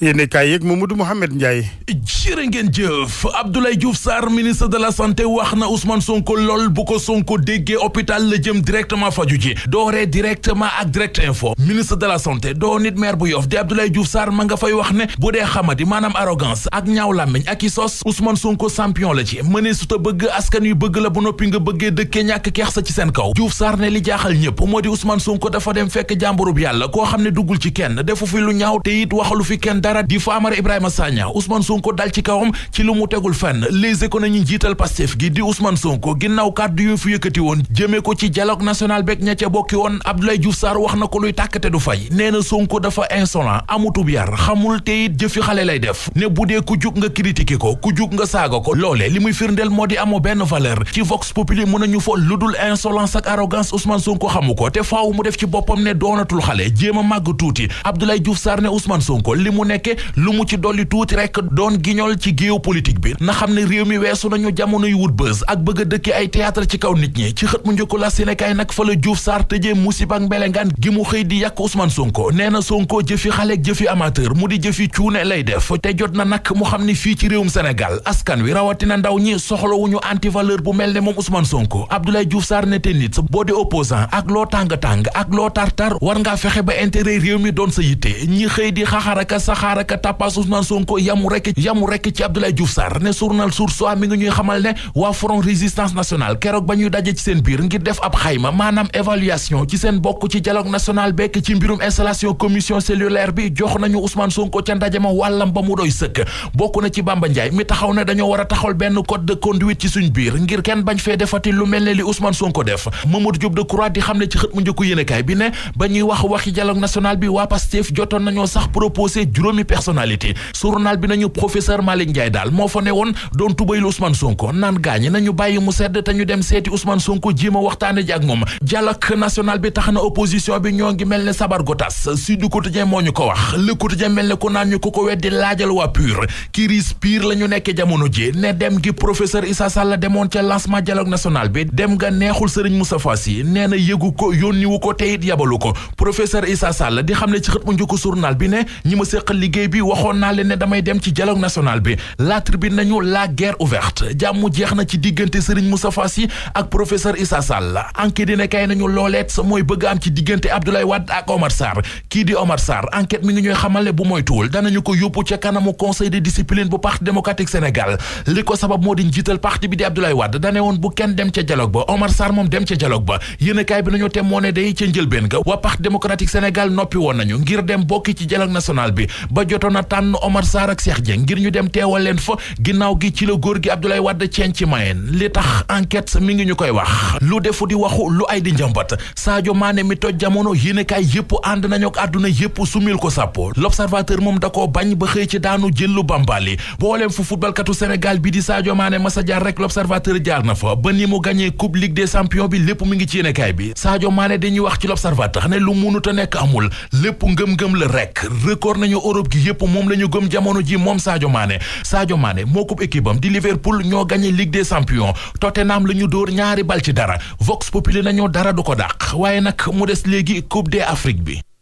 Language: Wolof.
yéen kaay yeeg Mamadou Mouhamed Ndiaye. jërë ngeen jëf Abdoulaye Diouf Sarr ministre de la santé wax na Ousmane Sonko lool bu ko Sonko déggee hôpital la jëm directement faju ji dooree directement ak direct info ministre de la santé doo nit maire bu Yoff di Abdoulaye Diouf Sarr ma nga fay wax ne bu dee xamadi maanaam arrogance ak ñaaw làmmiñ ak i sos Ousmane Sonko champion la ci mënee su ta bëgg askan yu bëgg la bu noppi nga bëggee dëkkee ñàkk keex sa ci seen kaw Diouf Sarr ne li jaaxal ñëpp moo di Ousmane dafa dem fekk jàmburub yàlla koo xam ne duggul ci kenn dara di Famara Ibrahima Sagna Ousmane Sonko dal ci kawam ci lu mu tegul fenn les économies jiital Pastef gi di Ousmane Sonko ginnaaw kàddu yu fi yëkkati woon jëmee ko ci dialogue national beeg ña ca bokki woon Abdoulaye Diouf Sarr wax na ko luy tàkkate du fay nee na Sonko dafa insolent amutub yar xamul tey it jëfi xale lay def ne bu dee ku jug nga critiquer ko ku jug nga saaga ko loole li muy firndeel moo di amoo benn valeur ci Vox Populi mën nañu fo lu dul insolence ak arrogance Ousmane Sonko xamu ko te faaw mu def ci boppam ne doonatul xale jéem a màgg tuuti Abdoulaye Diouf Sarr ne Ousmane Sonko nekke lu mu ci dolli tuuti rek doon guignol ci géopolitique bi na xam ne réew mi weesu nañu jamono yu wut bës ak bëgg a dëkki ay théâtre ci kaw nit ñi ci xët mu njëkku la Sénégal nag fa la Diouf Sarr tëjee musiba ak mbelengaan gi mu xëy di yàkk Ousmane Sonko nee na sonkoo jëfi xale ak jëfi amateur mu di jëfi cuune lay def te jot na nag mu xam ni fii ci réewum Sénégal askan wi rawatina ndaw ñi soxlawuñu antivaleur bu mel ne moom Ousmane Sonko Abdoulaye Diouf Sarr ne te nit boo di opposant ak loo tàng-tàng ak loo tartar war ngaa fexe ba intérêt réew mi doon sa yitte ñi xëy di xaxaraka sax xaaraka tapas Ousmane Sonko yamu rekk yamu rekk ci Abdoulaye Diouf Sarr ne journal Source A mi ngi ñuy xamal ne waa Front Résistance Nationale keroog ba ñuy daje ci seen biir ngir def ab xayma maanaam évaluation ci seen bokk ci dialogue national bekk ci mbirum installation commission cellulaire bi jox nañu Ousmane Sonko ca ndajama wàllam ba mu doy sëkk bokk na ci Bamba Ndiaye mi taxaw ne dañoo war a benn code conduite ci suñ biir ngir kenn bañ fee juróomi personnalité journal bi nañu professeur Malick Ndiaye daal moo fa ne woon doon tubaylu Ousmane Sonko naan gaañi nañu bàyyi mu sedd te ñu dem seeti Ousmane Sonko jéem a waxtaane ji ak moom dialogue national bi tax na opposition bi ñoo ngi mel ne sabar gu tas Sud Quotidien moo ñu ko wax Le Quotidien mel ne ku naan ñu ko ko weddi laajal waa PUR crise pire la ñu jamono ji ne dem gi professeur Issa Sall demoon ca lancement dialogue national bi dem nga neexul liggéey bi waxoon naa leen ne damay dem ci dialogue national bi la tribune nañu la guerre ouverte jàmm jeex na ci diggante Serigne Moustapha Sy ak professeur Issa Sall enquête dina kay nañu looleet sa mooy bëgg am ci diggante Abdoulaye Wade ak Omar Sarr kii di Omar Sarr enquête mi ngi ñooy xamal ne bu moytuwul danañu ko yóbbu ca kanamu conseil de discipline bu parti démocratique Sénégal li ko sabab moo di njiital part bi di Abdoulaye Wade dane woon bu kenn dem ca dialogue ba Omar Sarr moom dem ca dialogue ba yéen a kaay bi nañu temoone day ca njëlbeen ga waa parti démocratique Sénégal noppi woon nañu ngir dem bokki ci dialogue national bi ba jotoon na tànn Omar Sarr ak Cheikh Dieng ngir ñu dem teewal leen fa ginnaaw gi ci la góor gi Abdoulaye Wade ceen ci mayeen li tax enquête mi ngi ñu koy wax lu defu di waxu lu ay di njëmbat Sadio Mané mi toj jamono yéenekaay yépp ànd nañu ak àdduna yépp sumil ko sàppo l'observateur moom da ko bañ ba xëy ci daanu jëllu bambali booleem fu footballkatu Sénégal bi di Sadio Mané masa jaar rek l'observateur jaar na fa ba ni mu gañee coupe Ligue des champions bi lépp mu ngi ci yéenekaay bi Sadio Mané dañuy wax ci l'observateur ne lu mënut a nekk amul lépp ngëm-ngëm la rek record nañu Europe Europe gi yëpp moom la ñu gëm jamono ji moom Sadio Mané Sadio maane moo ko équipe am di Liverpool ñoo gagné Ligue des champions Tottenham la ñu dóor ñaari bal ci dara Vox Populi nañu dara du ko dàq waaye nag mu des léegi Coupe d'Afrique bi